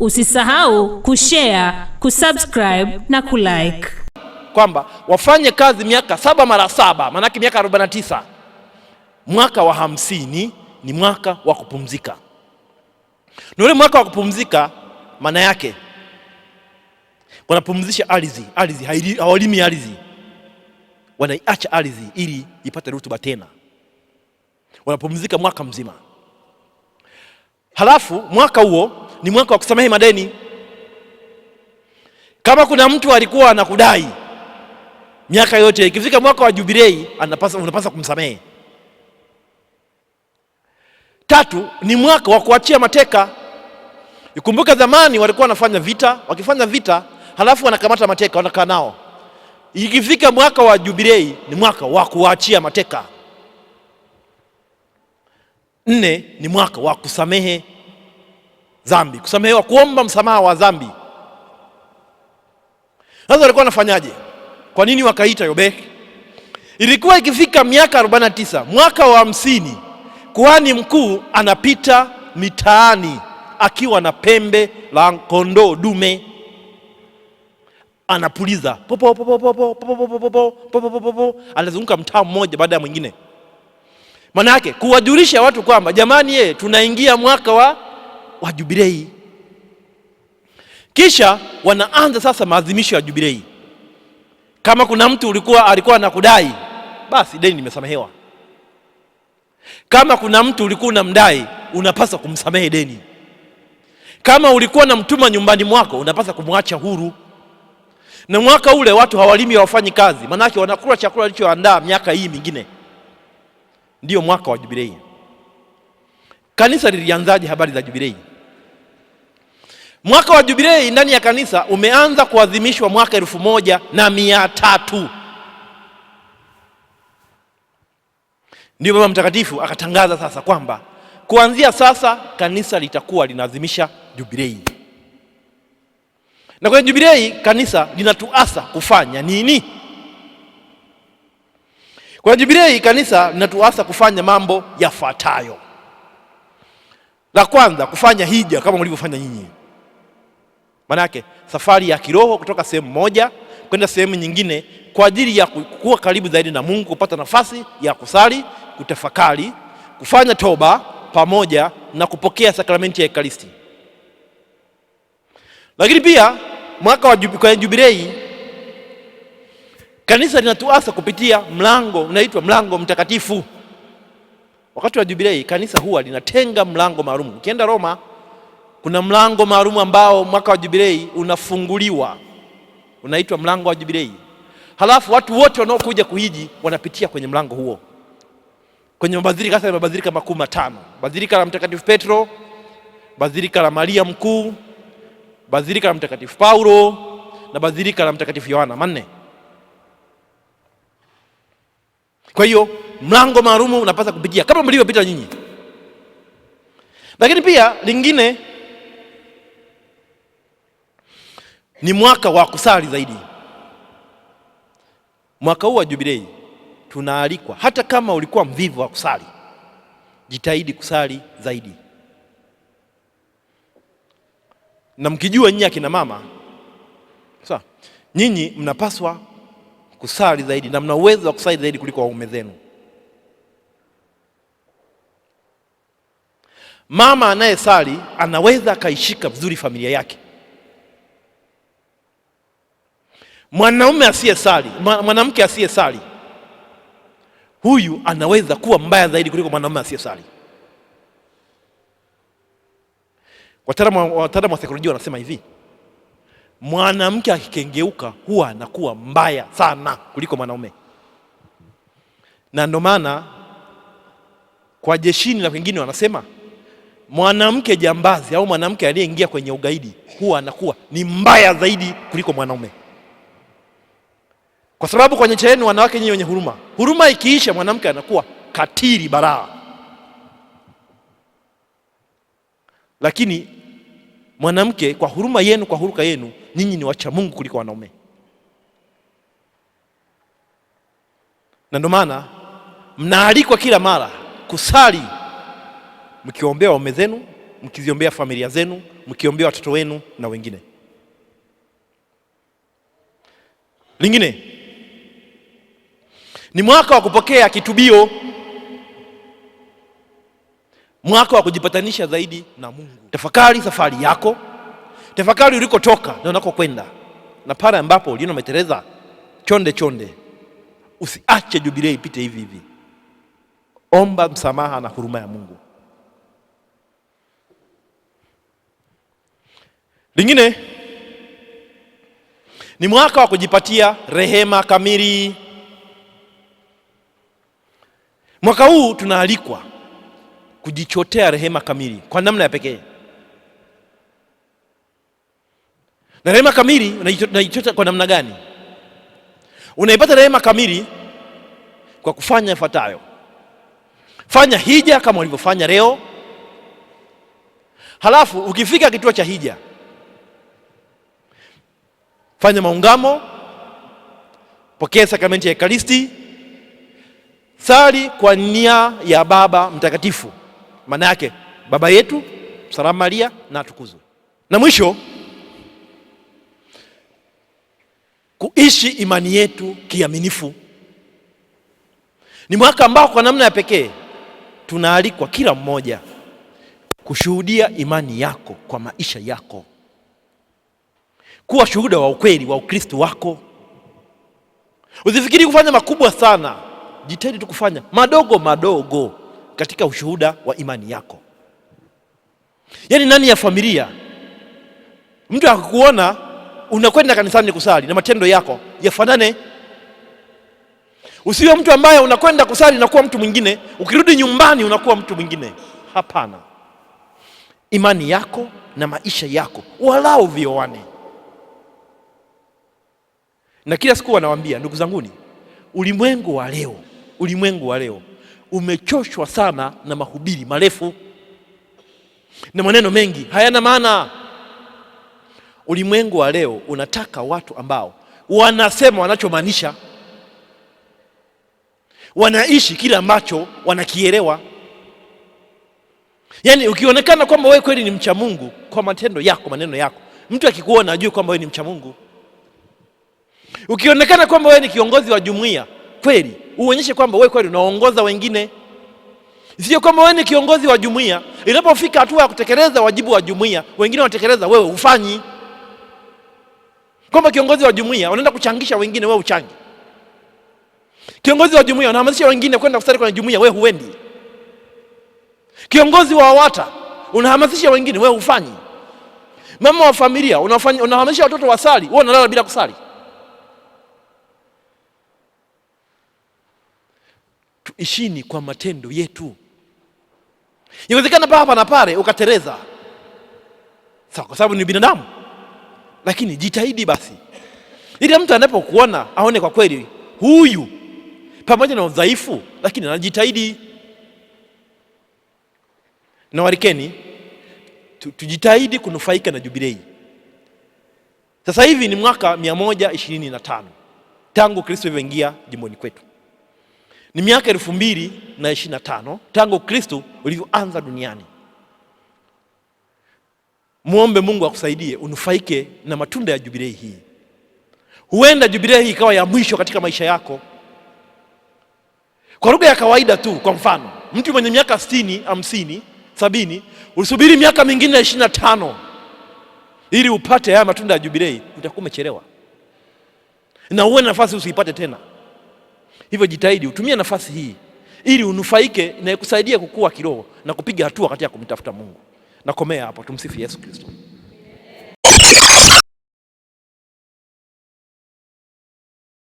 Usisahau kushare, kusubscribe na kulike, kwamba wafanye kazi miaka saba mara saba, maanake miaka 49. Mwaka wa hamsini ni mwaka wa kupumzika, na ule mwaka wa kupumzika maana yake wanapumzisha ardhi, ardhi hawalimi ardhi, wanaiacha ardhi ili ipate rutuba tena, wanapumzika mwaka mzima, halafu mwaka huo ni mwaka wa kusamehe madeni. Kama kuna mtu alikuwa anakudai miaka yote, ikifika mwaka wa jubilei anapasa, unapasa kumsamehe. Tatu, ni mwaka wa kuachia mateka. Ikumbuke zamani walikuwa wanafanya vita, wakifanya vita halafu wanakamata mateka wanakaa nao. Ikifika mwaka wa jubilei ni mwaka wa kuachia mateka. Nne, ni mwaka wa kusamehe dhambi, kusamehewa, kuomba msamaha wa dhambi. Sasa walikuwa wanafanyaje? Kwa nini wakaita Yobeki? Ilikuwa ikifika miaka 49 mwaka wa hamsini, kuhani mkuu anapita mitaani akiwa na pembe la kondoo dume anapuliza popo popo popo popo popo popo, anazunguka mtaa mmoja baada ya mwingine. Maana yake kuwajulisha watu kwamba jamani, ye tunaingia mwaka wa wa Jubilei. Kisha wanaanza sasa maadhimisho ya Jubilei. Kama kuna mtu ulikuwa alikuwa anakudai, basi deni limesamehewa. Kama kuna mtu ulikuwa unamdai, unapaswa kumsamehe deni. Kama ulikuwa na mtuma nyumbani mwako, unapaswa kumwacha huru. Na mwaka ule watu hawalimi, hawafanyi kazi, maanake wanakula chakula alichoandaa miaka hii mingine. Ndiyo mwaka wa Jubilei. Kanisa lilianzaje habari za Jubilei? Mwaka wa jubilei ndani ya kanisa umeanza kuadhimishwa mwaka elfu moja na mia tatu ndio Baba Mtakatifu akatangaza sasa kwamba kuanzia sasa kanisa litakuwa linaadhimisha jubilei, na kwenye jubilei kanisa linatuasa kufanya nini? Kwenye jubilei kanisa linatuasa kufanya mambo yafuatayo. La kwanza, kufanya hija kama mlivyofanya nyinyi Manake safari ya kiroho kutoka sehemu moja kwenda sehemu nyingine kwa ajili ya kuwa karibu zaidi na Mungu, kupata nafasi ya kusali, kutafakari, kufanya toba pamoja na kupokea sakramenti ya Ekaristi. Lakini pia mwaka wa jubilei kanisa linatuasa kupitia mlango unaitwa mlango mtakatifu. Wakati wa jubilei kanisa huwa linatenga mlango maalum. Ukienda Roma kuna mlango maalum ambao mwaka wa jubilei unafunguliwa, unaitwa mlango wa jubilei. Halafu watu wote wanaokuja kuhiji wanapitia kwenye mlango huo, kwenye mabadhilika. Sasa mabadhilika makuu matano: badhirika la Mtakatifu Petro, badhirika la Maria Mkuu, badhirika la Mtakatifu Paulo na badhirika la Mtakatifu Yohana, manne. Kwa hiyo mlango maalumu unapasa kupitia kama mlivyopita nyinyi, lakini pia lingine ni mwaka wa kusali zaidi. Mwaka huu wa jubilei tunaalikwa, hata kama ulikuwa mvivu wa kusali, jitahidi kusali zaidi. Na mkijua nyinyi akina mama sawa, nyinyi mnapaswa kusali zaidi na mna uwezo wa kusali zaidi kuliko waume zenu. Mama anayesali anaweza akaishika vizuri familia yake. Mwanaume asiye sali, mwanamke asiye sali, huyu anaweza kuwa mbaya zaidi kuliko mwanaume asiye sali. Wataalamu wa saikolojia wanasema hivi, mwanamke akikengeuka huwa anakuwa mbaya sana kuliko mwanaume, na ndio maana kwa jeshini na wengine wanasema mwanamke jambazi au mwanamke aliyeingia kwenye ugaidi huwa anakuwa ni mbaya zaidi kuliko mwanaume kwa sababu kwenye chenu wanawake nyinyi wenye huruma. Huruma ikiisha, mwanamke anakuwa katili baraa. Lakini mwanamke kwa huruma yenu, kwa huruka yenu, nyinyi ni wacha Mungu kuliko wanaume, na ndio maana mnaalikwa kila mara kusali mkiombea waume zenu, mkiziombea familia zenu, mkiombea watoto wenu na wengine lingine ni mwaka wa kupokea kitubio, mwaka wa kujipatanisha zaidi na Mungu. Tafakari safari yako, tafakari ulikotoka na unakokwenda, na pale ambapo uliona umeteleza chonde chonde, usiache jubilia ipite hivi hivi. Omba msamaha na huruma ya Mungu. Lingine ni mwaka wa kujipatia rehema kamili. Mwaka huu tunaalikwa kujichotea rehema kamili kwa namna ya pekee, na rehema kamili unaichota kwa namna gani? Unaipata rehema kamili kwa kufanya ifuatayo: fanya hija kama ulivyofanya leo, halafu ukifika kituo cha hija fanya maungamo, pokea sakramenti ya Ekaristi sali kwa nia ya Baba Mtakatifu, maana yake Baba yetu, Salamu Maria na atukuzwe. Na mwisho kuishi imani yetu kiaminifu. Ni mwaka ambao kwa namna ya pekee tunaalikwa kila mmoja kushuhudia imani yako kwa maisha yako, kuwa shuhuda wa ukweli wa Ukristo wako. Usifikiri kufanya makubwa sana jitahidi tu kufanya madogo madogo katika ushuhuda wa imani yako. Yaani ndani ya familia mtu akikuona unakwenda kanisani kusali na matendo yako yafanane. Usiwe mtu ambaye unakwenda kusali na kuwa mtu mwingine, ukirudi nyumbani unakuwa mtu mwingine. Hapana, imani yako na maisha yako walau vioane. Na kila siku wanawaambia ndugu zanguni, ulimwengu wa leo ulimwengu wa leo umechoshwa sana na mahubiri marefu na maneno mengi hayana maana. Ulimwengu wa leo unataka watu ambao wanasema wanachomaanisha, wanaishi kile ambacho wanakielewa. Yaani, ukionekana kwamba wewe kweli ni mcha Mungu kwa matendo yako, maneno yako, mtu akikuona ajue kwamba wewe ni mcha Mungu. Ukionekana kwamba wewe ni kiongozi wa jumuiya kweli, uonyeshe kwamba wewe kweli unaongoza wengine, sio kwamba wewe ni kiongozi wa jumuiya, inapofika hatua ya kutekeleza wajibu wa jumuiya wengine wanatekeleza, wewe ufanyi Kwamba kiongozi wa jumuiya unaenda kuchangisha wengine, wewe uchangi. Kiongozi wa jumuiya unahamasisha wengine kwenda kusali kwenye jumuiya, wewe huendi. Kiongozi wa WAWATA unahamasisha wengine, wewe hufanyi. Mama wa familia unahamasisha watoto wasali, wewe unalala bila kusali. ishini kwa matendo yetu. Inawezekana paa hapa na pale ukatereza, sawa, kwa sababu ni binadamu, lakini jitahidi basi, ili mtu anapokuona aone kwa kweli huyu pamoja na udhaifu, lakini anajitahidi. Na warikeni tujitahidi kunufaika na jubilei. Sasa hivi ni mwaka 125 tangu Kristo alivyoingia jimboni kwetu. Ni miaka elfu mbili na ishirini na tano tangu kristu ulivyoanza duniani. Muombe Mungu akusaidie unufaike na matunda ya jubilei hii. Huenda jubilei hii ikawa ya mwisho katika maisha yako. Kwa lugha ya kawaida tu, kwa mfano, mtu mwenye miaka sitini, hamsini, sabini, usubiri miaka mingine ishirini na tano ili upate haya matunda ya jubilei, utakuwa umechelewa na uwe na nafasi usiipate tena. Hivyo jitahidi utumie nafasi hii ili unufaike na ikusaidie kukua kiroho na kupiga hatua katika kumtafuta Mungu. Nakomea hapo. Tumsifu Yesu Kristo.